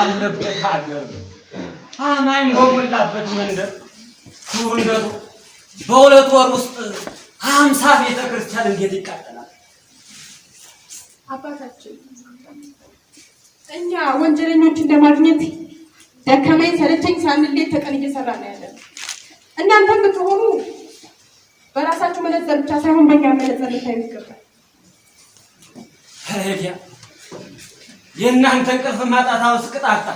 ባለበት ሀገር አማኝ በሞላበት መንደር ክቡርነቱ በሁለት ወር ውስጥ ሀምሳ ቤተ ክርስቲያን እንዴት ይቃጠላል? አባታችን እኛ ወንጀለኞችን ለማግኘት ደከመኝ ሰለቸኝ ሳንል ተቀን እየሰራ ነው ያለን። እናንተም ብትሆኑ በራሳችሁ መነጽር ብቻ ሳይሆን በእኛ መነጽር ልታዩ ይገባል። የእናንተ እንቅልፍ ማጣት አሁን ስቅጣጣ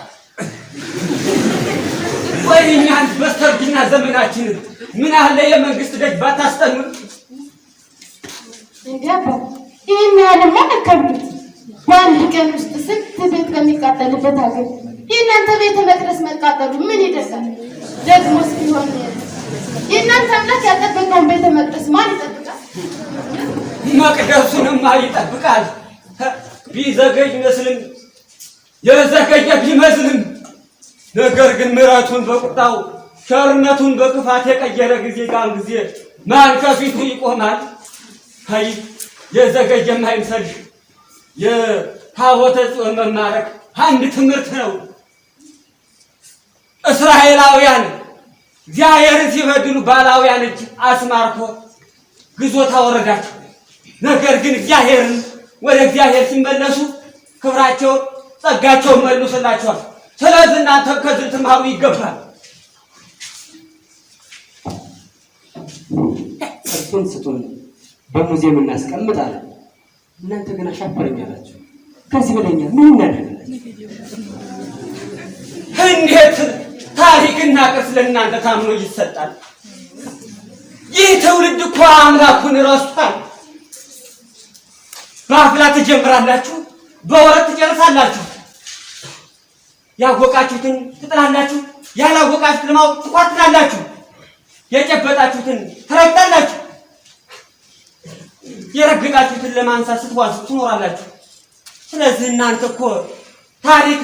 ወይ እኛን በስተርጅና ዘመናችንን ምን አለ የመንግስት ደጅ ባታስጠኑ እንዲያባ ይህን ያህልማ ከብዱት። በአንድ ቀን ውስጥ ስንት ቤት በሚቃጠልበት ሀገር የእናንተ ቤተ መቅደስ መቃጠሉ ምን ይደሳል? ደግሞ ቢሆን የእናንተ አምላክ ያልጠበቀውን ቤተ መቅደስ ማን ይጠብቃል? መቅደሱንማ ይጠብቃል ቢዘገይ ይመስልን የዘገየ ቢመስልም ነገር ግን ምሕረቱን በቁጣው ቸርነቱን በክፋት የቀየረ ጊዜ ጋር ጊዜ ማን ከፊቱ ይቆማል? አይ የዘገየ የማይምሰልሽ የታቦተ ጽዮን መማረክ አንድ ትምህርት ነው። እስራኤላውያን እግዚአብሔርን ሲበድሉ ባላውያን እጅ አስማርኮ ግዞት አወረዳቸው። ነገር ግን እግዚአብሔርን ወደ እግዚአብሔር ሲመለሱ ክብራቸው ጸጋቸውን መልሱላቸዋል። ስለዚህ እናንተ ከዚህ ትማሩ ይገባል። እርሱን ስጡን፣ በሙዚየም እናስቀምጣለን። እናንተ ግን አሻፈረኝ አላችሁ። ከዚህ በለኛ ምን እናደርግላችሁ? እንዴት ታሪክና ቅርስ ለእናንተ ታምኖ ይሰጣል? ይህ ትውልድ እኮ አምላኩን ረስቷል። በአፍላ ትጀምራላችሁ፣ በወረት ትጨርሳላችሁ። ያወቃችሁትን ትጥላላችሁ፣ ያላወቃችሁት ለማወቅ ትኳትናላችሁ! የጨበጣችሁትን ትረግጣላችሁ፣ የረገጣችሁትን ለማንሳት ስትዋዙ ትኖራላችሁ። ስለዚህ እናንተ እኮ ታሪክ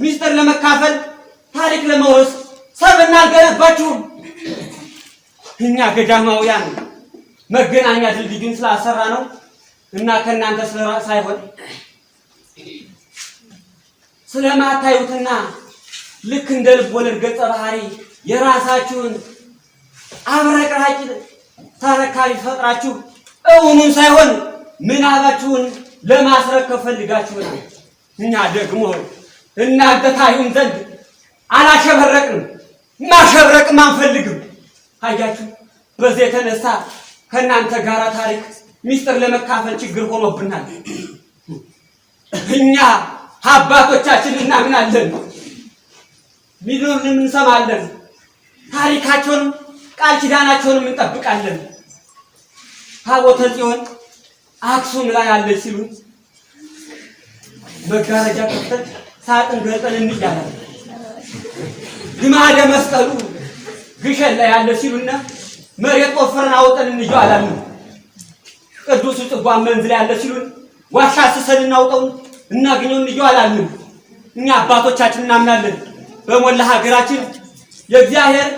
ሚስጥር ለመካፈል ታሪክ ለመወስ ሰብ አልገነባችሁም። እኛ ገዳማውያን መገናኛ ድልድዩን ስላሰራ ነው እና ከእናንተ ሳይሆን ስለማታዩትና ልክ እንደ ልብ ወለድ ገጸ ባህሪ የራሳችሁን አብረቅራቂ ተረካቢ ፈጥራችሁ እውኑን ሳይሆን ምናባችሁን ለማስረከብ ፈልጋችሁ ነው። እኛ ደግሞ እናንተ ታዩን ዘንድ አላሸበረቅንም፣ ማሸብረቅም አንፈልግም። አያችሁ፣ በዚህ የተነሳ ከእናንተ ጋር ታሪክ ሚስጥር ለመካፈል ችግር ሆኖብናል እኛ አባቶቻችን እናምናለን፣ ሚሉንን እንሰማለን፣ ታሪካቸውን ቃል ኪዳናቸውንም እንጠብቃለን። ታቦተ ጽዮን አክሱም ላይ አለች ሲሉ መጋረጃ ከፍተን ሳጥን ገልጠን እንያለን። ግማደ መስቀሉ ግሸን ላይ አለ ሲሉና መሬት ቆፍረን አውጠን እንየዋለን። ቅዱስ ጽጓ መንዝ ላይ አለ ሲሉን ዋሻ ስሰን እናውጠውን እናግኘው እንየው አላልንም። እኛ አባቶቻችን እናምናለን። በሞላ ሀገራችን የእግዚአብሔር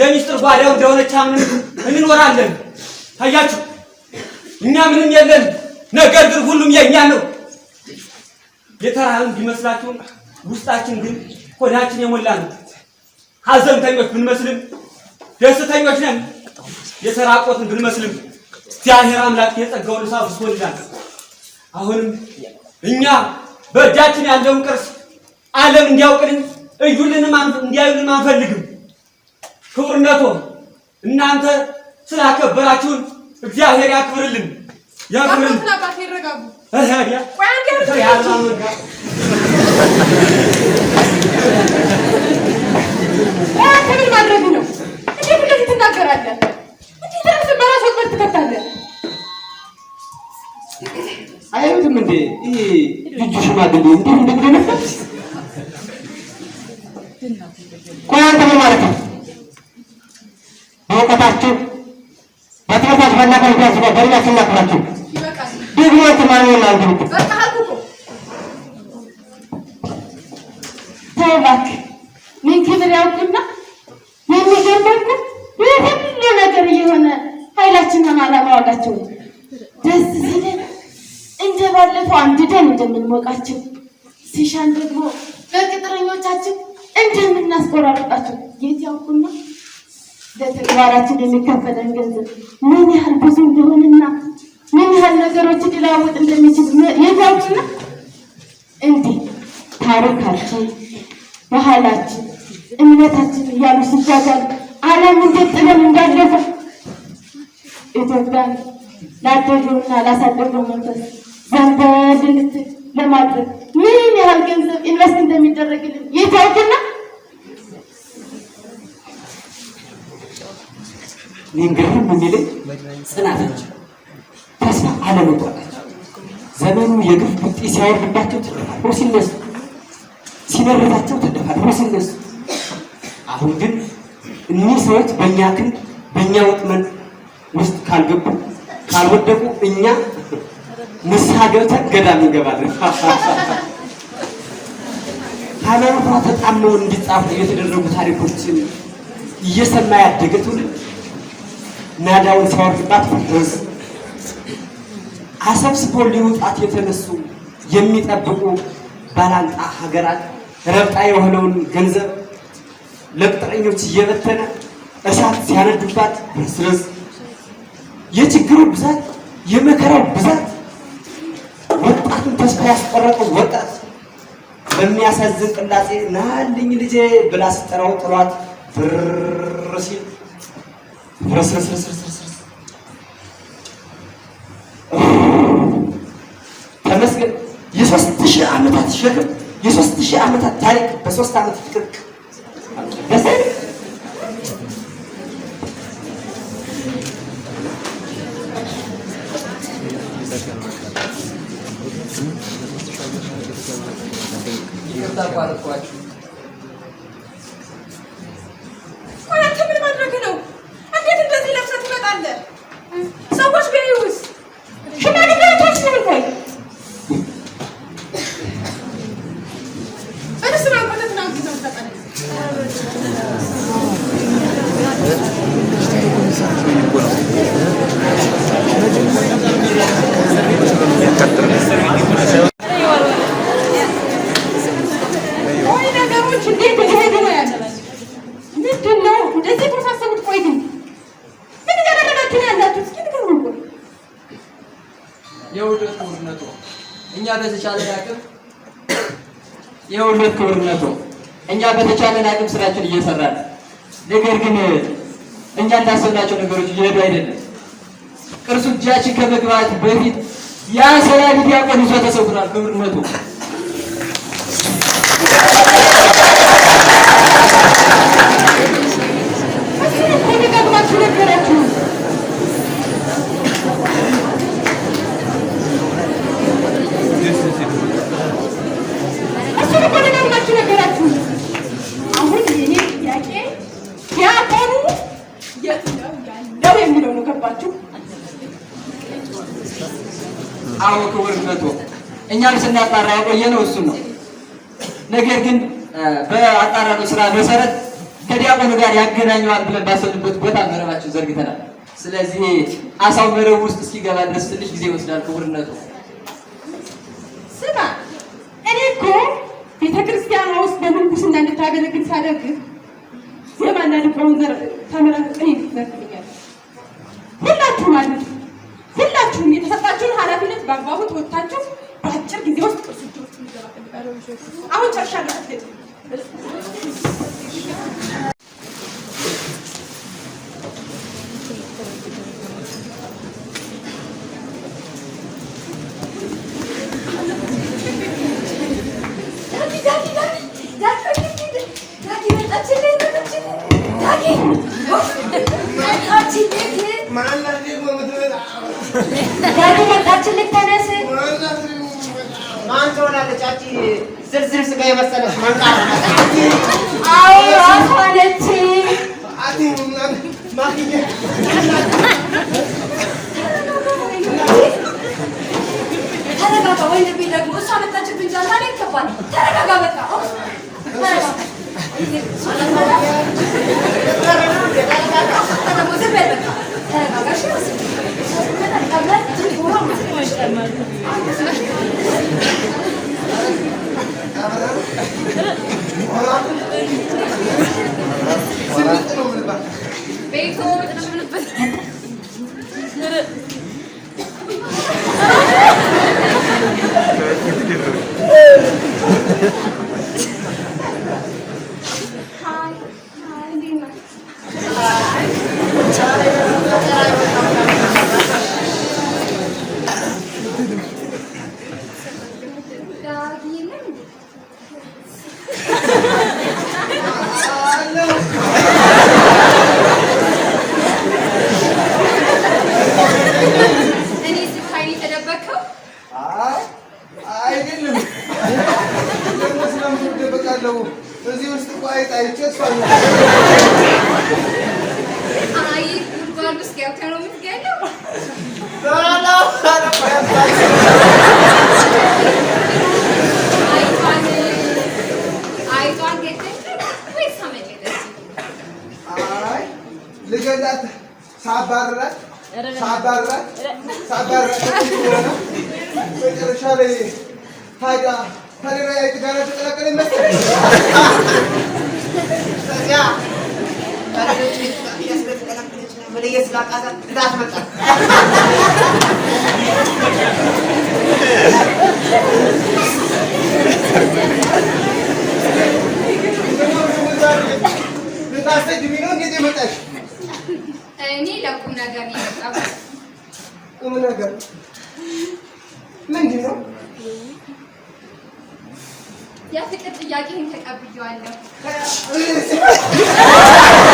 የሚስጥር ጓዳው እንደሆነች አምነን እንኖራለን። ታያችሁ፣ እኛ ምንም የለን፣ ነገር ግን ሁሉም የእኛ ነው። የተራህም ቢመስላችሁ ውስጣችን ግን ሆዳችን የሞላ ነው። ሀዘንተኞች ብንመስልም ደስተኞች ነን። የተራቆትን ብንመስልም እግዚአብሔር አምላክ የጸጋውን እሳት አብዝቶልናል። አሁንም እኛ በእጃችን ያለውን ቅርስ ዓለም እንዲያውቅልን እዩልንም እንዲያዩልን አንፈልግም። ክቡርነቶ እናንተ ስላከበራችሁን እግዚአብሔር ያክብርልን ያክብርልን። ክብር ማድረግ ነው። እንዴት እንደዚህ ትናገራለህ? እንዴት ራስን በራስ ወጥመድ ትከታለህ? አያዩትም እንዴ? ይሄ ልጁ ሽማግሌ እንዴት እንደሚደነፈት ቆይ፣ አንተ ማለት ነው? በእውቀታችሁ በትምህርታችሁ ባላችሁ ያስባ በሌላ ስናክራችሁ ደግሞ ተማሪ ነው አንተ ምን ክብር ያውቅና የሚገርመው ይህ ሁሉ ነገር እየሆነ ኃይላችንን አለማዋጋቸው ደስ ሲል ባለፈው አንድደን እንደምንሞቃቸው ሲሻን ደግሞ በቅጥረኞቻችን እንደምናስቆራርጣቸው የት ያውቁና ለተግባራችን የሚከፈለን ገንዘብ ምን ያህል ብዙ እንደሆነና ምን ያህል ነገሮችን ሊለዋወጥ እንደሚችል የት ያውቁና እንዲህ ታሪካችን፣ ባህላችን፣ እምነታችን እያሉ ሲጃጃሉ እንዴት ገጥለን እንዳለፈ ኢትዮጵያን ላደገውና ላሳደገው መንፈስ ዘንበል እንድትል ለማድረግ ምን ያህል ገንዘብ ኢንቨስት እንደሚደረግልን የታውቅና ንግርም የሚልኝ ጽናታቸው ተስፋ አለመቁረጣቸው ዘመኑ የግፍ ብጤ ሲያወርድባቸው ተደፋድሮ ሲነሱ ሲመረታቸው ተደፋድሮ ሲነሱ አሁን ግን እኒህ ሰዎች በእኛ ክንድ በእኛ ወጥመን ውስጥ ካልገቡ ካልወደቁ እኛ ንስሐ ገብተን ገዳም እንገባለን። ሃይማኖት ተጣምነው እንዲጻፉ የተደረጉ ታሪኮችን እየሰማ ያደገ ትውልድ ናዳውን ሲያወርድባት ፍርዶስ አሰብስቦ ሊውጣት የተነሱ የሚጠብቁ ባላንጣ ሀገራት ረብጣ የሆነውን ገንዘብ ለቅጥረኞች እየበተነ እሳት ሲያነዱባት ፍርስርስ የችግሩ ብዛት የመከራው ብዛት እናቱን ተስፋ ያስቆረጠው ወጣት በሚያሳዝን ቅላጼ ናልኝ ልጄ ብላ ስጠራው ጥሯት ብር ሲል ተመስገን። የሶስት ሺህ ዓመታት ሸክም የሶስት ሺህ ዓመታት ታሪክ በሶስት ዓመት Eu agora o ነገሮች እንዴት ተካሄዱ ነው ያለ። ምንድን ነው እንደዚህ ተሳሰቡት? ቆይ ግን ምን እያደረጋችሁ ነው ያላችሁ? እስኪ ንገሩን። የውደት ክቡርነቱ እኛ በተቻለ አቅም የውደት ክቡርነቱ እኛ በተቻለን አቅም ስራችን እየሰራን ነገር ግን እኛ እንዳሰብናቸው ነገሮች እየሄዱ አይደለም። ቅርሱ እጃችን ከመግባት በፊት ያ ሰራዊት ያቆን ይዞ ተሰውሯል ክቡርነቱ ደጋግማችሁ ነገራችሁ። እሱን እኮ ነው ነው። አዎ ክቡርነቶ፣ እኛም ስናጣራ ነው። ነገር ግን በአጣራነው ስራ መሰረት ከዲያቆኑ ጋር ያገናኘዋል ብለን ባሰብንበት ቦታ መረባችን ዘርግተናል። ስለዚህ አሳው መረብ ውስጥ እስኪገባ ድረስ ትንሽ ጊዜ ይወስዳል። ክቡርነቱ ስማ፣ እኔ እኮ ቤተ ክርስቲያኗ ውስጥ በምንኩስና እንድታገለግል ሳደርግህ ዜማና ልቆውን ዘር ተመረቅን ይዘርግኛል። ሁላችሁ ማለት ሁላችሁም የተሰጣችሁን ኃላፊነት በአግባቡ ተወጥታችሁ በአጭር ጊዜ ውስጥ ቅርሱች ውስጥ ሚገባ ፈልጋለ። አሁን ጨርሻለሁ። मान जोड़ा चाची ዝርዝር ስጋ የመሰለ ሆነች። ተረጋጋ። ወይ ደግሞ እሷ መጣችብኝ እንጂ አልታለኝ ይገባል። ተረጋጋ በቃ ተረጋጋ። ಬೇಕು ሳባረ ሳባረ ሳባረ መጨረሻ ላይ ታዲያ ከሌላ የት ጋር ተቀላቀለ ይመስል ከዚያ መለየት ስላቃታት ቅጣት መጣ። ልታሰጅ የሚለው እንዴት መጣሽ? እኔ ለቁም ነገር የመጣሁት ቁም ነገር ምንድን ነው? የፍቅር ጥያቄህን ተቀብያለሁ።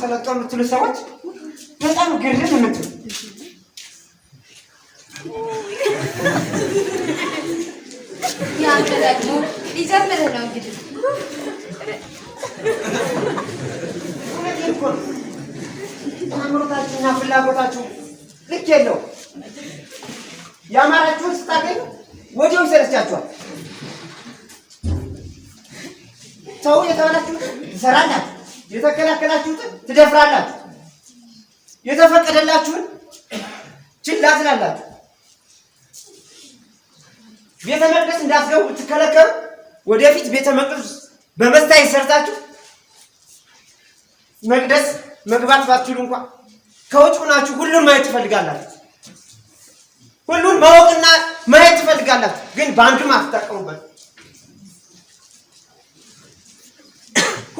ሰለጠ የምትሉ ሰዎች በጣም ግርም የምትሉ ሊጀምር ፍላጎታችሁ ልክ የለው። የአማራችሁን ስታገኙ ወዲያው ይሰለቻችኋል። ሰው የተባላችሁ ይሰራላችሁ የተከላከላችሁትን ትደፍራላችሁ፣ የተፈቀደላችሁን ችላ ትላላችሁ። ቤተ መቅደስ እንዳትገቡ ብትከለከሉ ወደፊት ቤተ መቅደስ በመስታየት ሰርታችሁ መቅደስ መግባት ባትችሉ እንኳ ከውጭ ሆናችሁ ሁሉን ማየት ትፈልጋላችሁ። ሁሉን ማወቅና ማየት ትፈልጋላችሁ፣ ግን በአንዱም አትጠቀሙበት።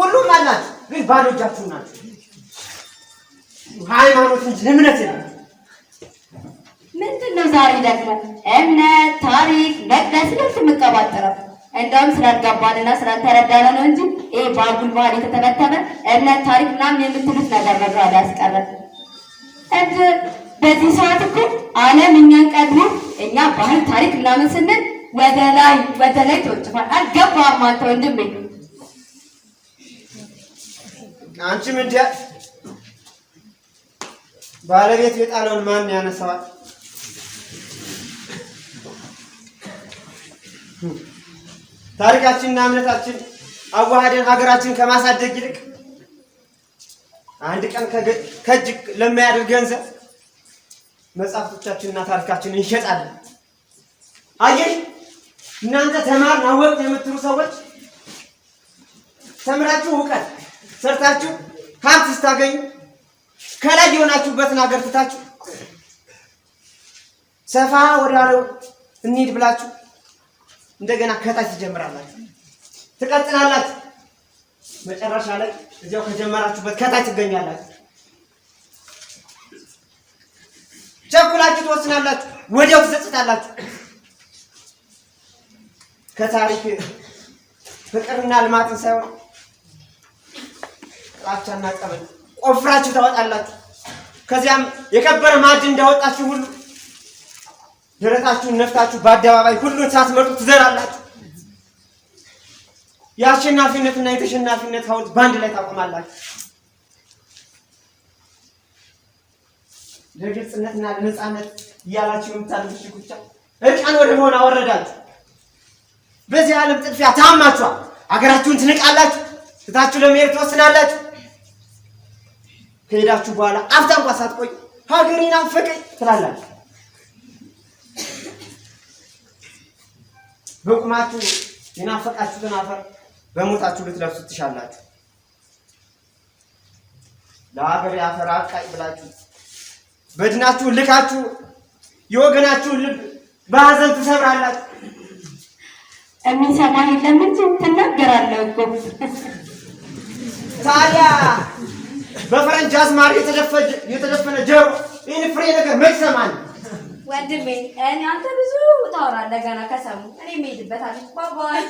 ሁሉም አላት፣ ግን ባዶ እጃችሁ ናችሁ። ሃይማኖት እንጂ እምነት የለም። ምንድን ነው ዛሬ ደግሞ እምነት፣ ታሪክ፣ መቅደስ ልብስ የምቀባጥረው? እንደውም ስላልገባንና ስላልተረዳነ ነው እንጂ ይሄ በአጉል ባህል የተተበተበ እምነት፣ ታሪክ ምናምን የምትሉት ነገር መግባል ያስቀረት እንጂ በዚህ ሰዓት እኮ ዓለም እኛን ቀድሞ እኛ ባህል፣ ታሪክ ምናምን ስንል ወደ ላይ ወደ ላይ ተወጭፋል። አልገባም አንተ ወንድሜ አንቺ ምንድ ባለቤት የጣለውን ማን ያነሳዋል? ታሪካችንና እምነታችን አዋሃደን ሀገራችን ከማሳደግ ይልቅ አንድ ቀን ከእጅ ለማያድር ገንዘብ መጽሐፍቶቻችንና ታሪካችን እንሸጣለን። አየሽ፣ እናንተ ተማርን አወቅን የምትሉ ሰዎች ተምራችሁ እውቀት ሰርታችሁ ሀብት ስታገኙ ከላይ የሆናችሁበትን ሀገር ትታችሁ ሰፋ ወዳለው እንሂድ ብላችሁ እንደገና ከታች ትጀምራላችሁ፣ ትቀጥላላችሁ። መጨረሻ ላይ እዚያው ከጀመራችሁበት ከታች ትገኛላችሁ። ቸኩላችሁ ትወስናላችሁ፣ ወዲያው ትጸጽታላችሁ። ከታሪክ ፍቅርና ልማትን ሳይሆን ጥላቻና ጠበል ቆፍራችሁ ታወጣላችሁ። ከዚያም የከበረ ማዕድ እንዳወጣችሁ ሁሉ ደረታችሁን ነፍታችሁ በአደባባይ ሁሉን ሳትመርጡ ትዘራላችሁ። የአሸናፊነትና የተሸናፊነት ሐውልት በአንድ ላይ ታቆማላችሁ። ለግልጽነትና ለነፃነት እያላችሁ የምታደርጉ ሽኩቻ እርቃን ወደ መሆን አወረዳችሁ። በዚህ ዓለም ጥድፊያ ታማችኋል። ሀገራችሁን ትንቃላችሁ። ትታችሁ ለመሄድ ትወስናላችሁ። ከሄዳችሁ በኋላ አፍታ እንኳን ሳትቆይ ሀገሬን ናፈቀኝ ትላላችሁ። በቁማችሁ የናፈቃችሁትን አፈር በሞታችሁ ልትለብሱ ትሻላችሁ። ለሀገር አፈር አብቃኝ ብላችሁ በድናችሁ ልካችሁ የወገናችሁን ልብ በሀዘን ትሰብራላችሁ። የሚሰማህ የለም ትናገራለህ እኮ ታዲያ በፈረንጅ አዝማሪ የተደፈነ ጀሮ ይህን ፍሬ ነገር መች ሰማን? ወንድሜ እኔ አንተ ብዙ ታወራለህ ገና ከሰሙ እኔ የምሄድበት አለች ባባይ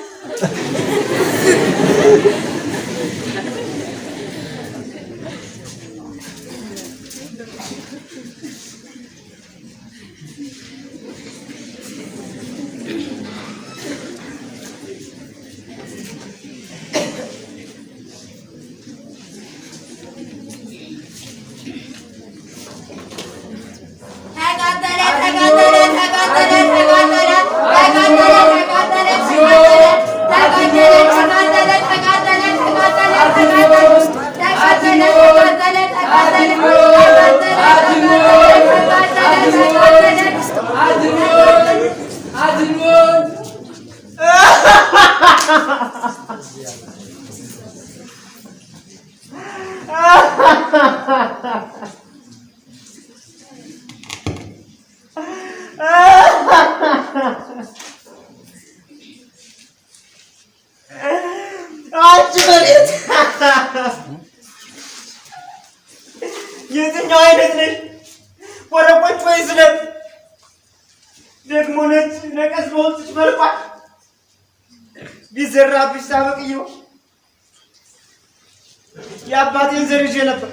የአባቴን ዘር ይዤ ነበር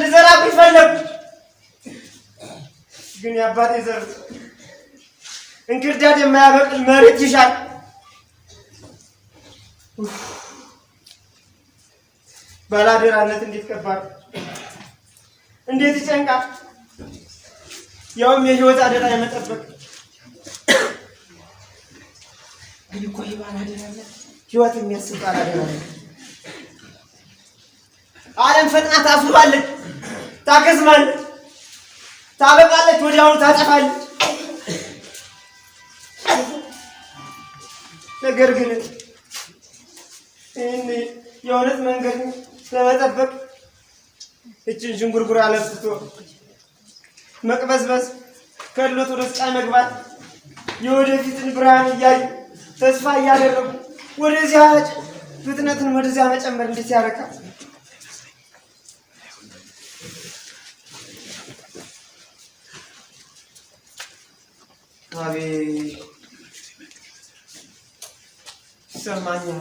ልዘራብህ ፈለግኩ፣ ግን የአባቴ ዘር እንክርዳድ የማያበቅል መሬት ይሻል። ባላደራነት እንዴት ከባድ እንዴት ይጨንቃል! ያውም የህይወት አደራ የመጠበቅ ግን እኮ ይህ ባላደራነት ህይወት የሚያስብ ባላደራነት ዓለም ፈጥና ታፍባለች፣ ታከዝማለች፣ ታበቃለች፣ ወዲያውኑ ታጠፋለች። ነገር ግን ይህን የእውነት መንገድ ለመጠበቅ እችን ዥንጉርጉር አለፍቶ መቅበዝበዝ ከሎት ወደ ስቃይ መግባት የወደፊትን ብርሃን እያዩ ተስፋ እያደረጉ ወደዚያ ፍጥነትን ወደዚያ መጨመር እንዴት ያረካል? አቤት ይሰማኛል።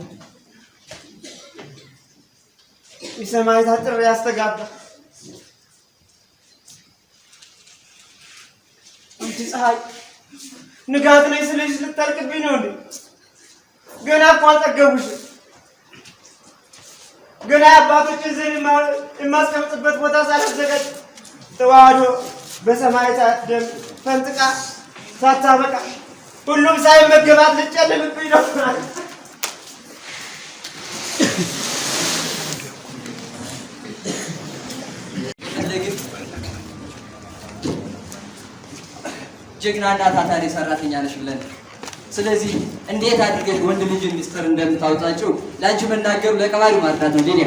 ይሰማኝ አጥር ያስተጋባ እንት ፀሐይ ንጋት ላይ ስለሽ ልታልቅብኝ ነው እንዴ? ገና እኮ አልጠገቡሽ። ገና የአባቶች እዝን የማስቀምጥበት ቦታ ሳላዘጋጅ ተዋህዶ በሰማዕታት ደም ፈንጥቃ ሳታበቃ ሁሉም ሳይመገባት ልጨልምብኝ ነው። ጀግና እና ታታሪ ሰራተኛ ነሽ ብለን ስለዚህ እንዴት አድርገሽ ወንድ ልጅ ሚስጥር እንደምታወጣቸው ለአንቺ መናገሩ ለቀባሪ ማርዳት ነው። ሌላ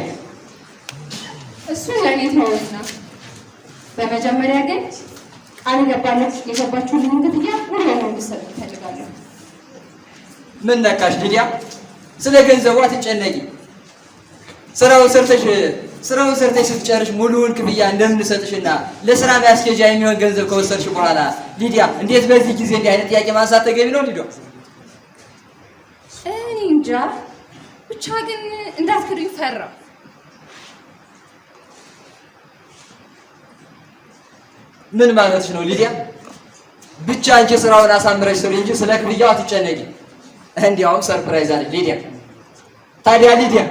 እሱ ለእኔ ተውና፣ በመጀመሪያ ግን አልገባነት የገባችሁልንን ግድያ ወዲያ ነው እንድሰጥ እፈልጋለሁ። ምን ነካሽ ሊዲያ? ስለ ገንዘቡ አትጨነቂ። ስራውን ሰርተሽ ስራውን ሰርተሽ ስትጨርሽ ሙሉውን ክፍያ እንደምንሰጥሽና ለስራ ማስኬጃ የሚሆን ገንዘብ ከወሰድሽ በኋላ ሊዲያ፣ እንዴት በዚህ ጊዜ እንዲህ አይነት ጥያቄ ማንሳት ተገቢ ነው? ሊዲያ፣ እኔ እንጃ ብቻ ግን እንዳትክዱኝ ፈራው። ምን ማለትሽ ነው ሊዲያ? ብቻ አንቺ ስራውን አሳምረሽ ስሪ እንጂ ስለ ክፍያው አትጨነቂ። እንዲያውም ሰርፕራይዝ አለ ሊዲያ። ታዲያ ሊዲያ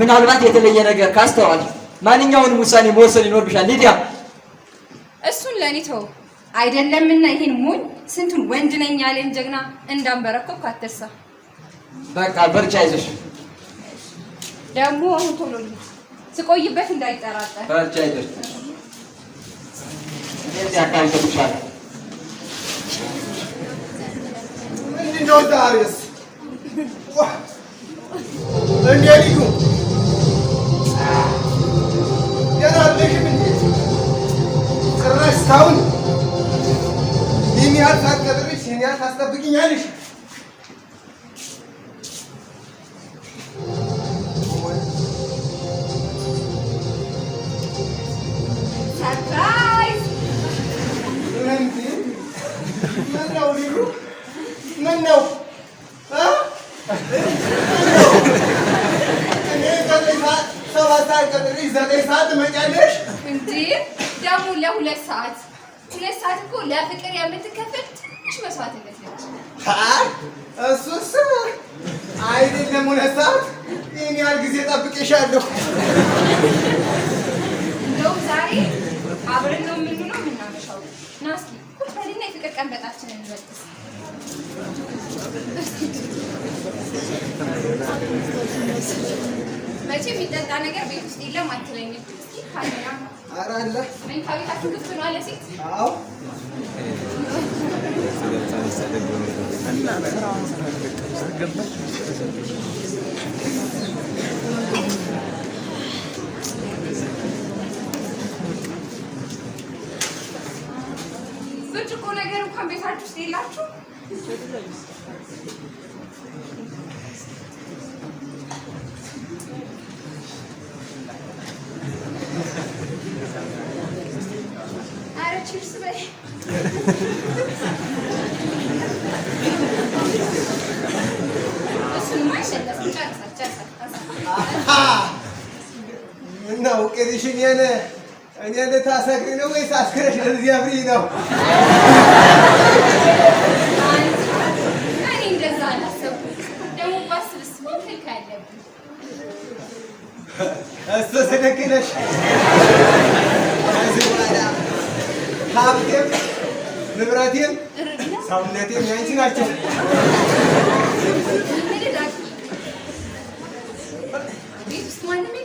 ምናልባት የተለየ ነገር ካስተዋል ማንኛውንም ውሳኔ መወሰን ይኖርብሻል ሊዲያ። እሱን ለኔ ተው አይደለምና ይሄን ሞኝ ስንቱን ወንድ ነኝ ያለን ጀግና እንዳንበረከው ካተሳ በቃ በርቻ ይዘሽ ደግሞ አሁን ቶሎ ስቆይበት እንዳይጠራጠር። በርቻ ሲያካሂደብሻል። ምንድነው ዛሬስ? እንዴት ይሁ ገናለሽም እንዴ? ጭራሽ እስካሁን ይህን ያህል ሳትቀጥርሽ ይህን ያህል ሳትጠብቅኛለሽ ብርጭቆ ነገር እንኳን ቤታችሁ ውስጥ የላችሁ? ኧረ ቺፕስ በይ ልታሰክሪ ነው ወይስ አስክረሽ ለዚያ ብሪ ነው? እኔ እንደዛ አላሰብኩም። እሱ ስልክ ነሽ። ከዚህ በኋላ ሀብቴም ንብረቴም ሰውነቴም ያንቺ ናቸው። ቤት ውስጥ ማንም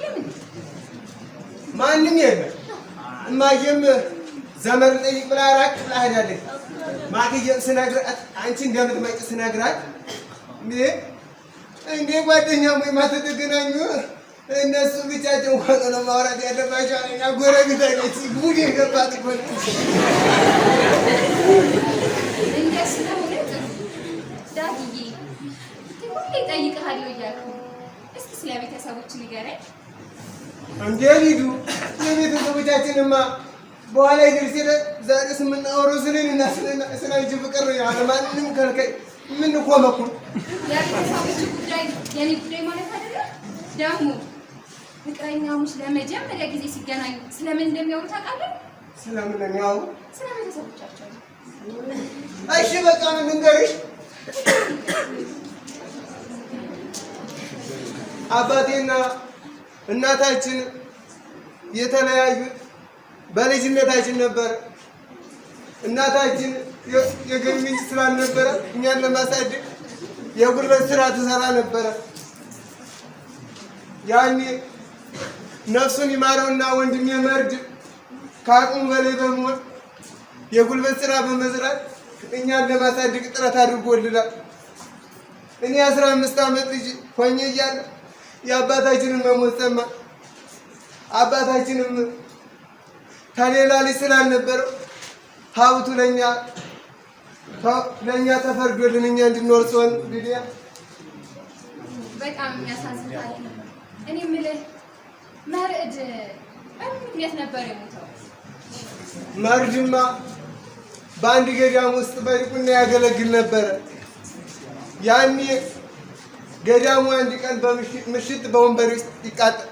የለም እማዬም ዘመድ ልጠይቅ ብላ ራቅ ብላ ሄዳለች። ማትዬም ስነግራት አንቺ እንደምትመጪ ስነግራት እንዴ ጓደኛሞች የማትገናኙ እነሱ ብቻቸው ሆኖ ነው ማውራት ያለባቸው አለና ጎረቤት አይነት ጉድ የገባት እኮ ነው። እያልኩ እስኪ ስለ ቤተሰቦች ንገረኝ። እንዴ ሊዱ የቤተሰቦቻችንማ በኋላ ይደርስ የለ ዛሬ ስምናወረው ስለኔና ስለ ልጅ ፍቅር ያለ ማንም ከልከይ ምን ኮመኩ ደግሞ ፍቅረኛሞች ለመጀመሪያ ጊዜ ሲገናኙ ስለምን እንደሚያወሩ ታውቃለህ? ስለምን እንደሚያወሩ ስለ ቤተሰቦቻቸው። እሺ በቃ ምን ልንገርሽ፣ አባቴና እናታችን የተለያዩ በልጅነታችን ነበረ። እናታችን የገቢ ምንጭ ስላልነበረ እኛን ለማሳደግ የጉልበት ስራ ትሰራ ነበረ። ያኔ ነፍሱን ይማረውና ወንድም የመርድ ከአቅሙ በላይ በመሆን የጉልበት ስራ በመስራት እኛን ለማሳደግ ጥረት አድርጎልናል። እኔ አስራ አምስት ዓመት ልጅ ሆኜ እያለ የአባታችንን መሞት ሰማ። አባታችንም ከሌላ ልጅ ስላልነበረው ሀብቱ ለእኛ ለእኛ ተፈርዶልን እኛ እንድንኖር ሲሆን ልድያ በጣም የሚያሳዝን እኔ የምልህ መርዕድ ምክንያት ነበር የሞተው። መርድማ በአንድ ገዳም ውስጥ በይቁና ያገለግል ነበረ ያኔ ገዳሙ አንድ ቀን ምሽት በወንበር ውስጥ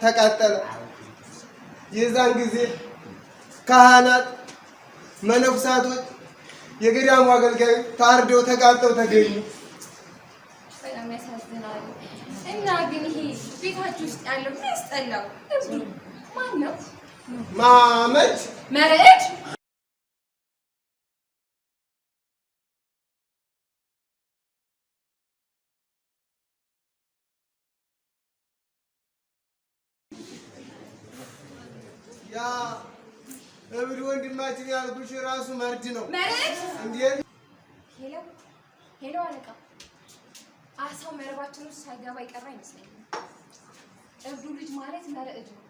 ተቃጠለ። የዛን ጊዜ ካህናት፣ መነኩሳቶች፣ የገዳሙ አገልጋይ ታርደው ተቃጠው ተገኙ። በጣም እና ግን ይሄ ቤታችሁ ውስጥ ያለው ያስጠላው ማን ነው? ማመድ መርዕድ ያ እብድ ወንድማችን ያልኩሽ ራሱ መርድ ነው። እንዴት ሄሎ ሄሎ፣ አለቃ አሳው መረባችን ውስጥ ሳይገባ ይቀራ አይመስለኝም። እብዱ ልጅ ማለት መርዕድ ነው።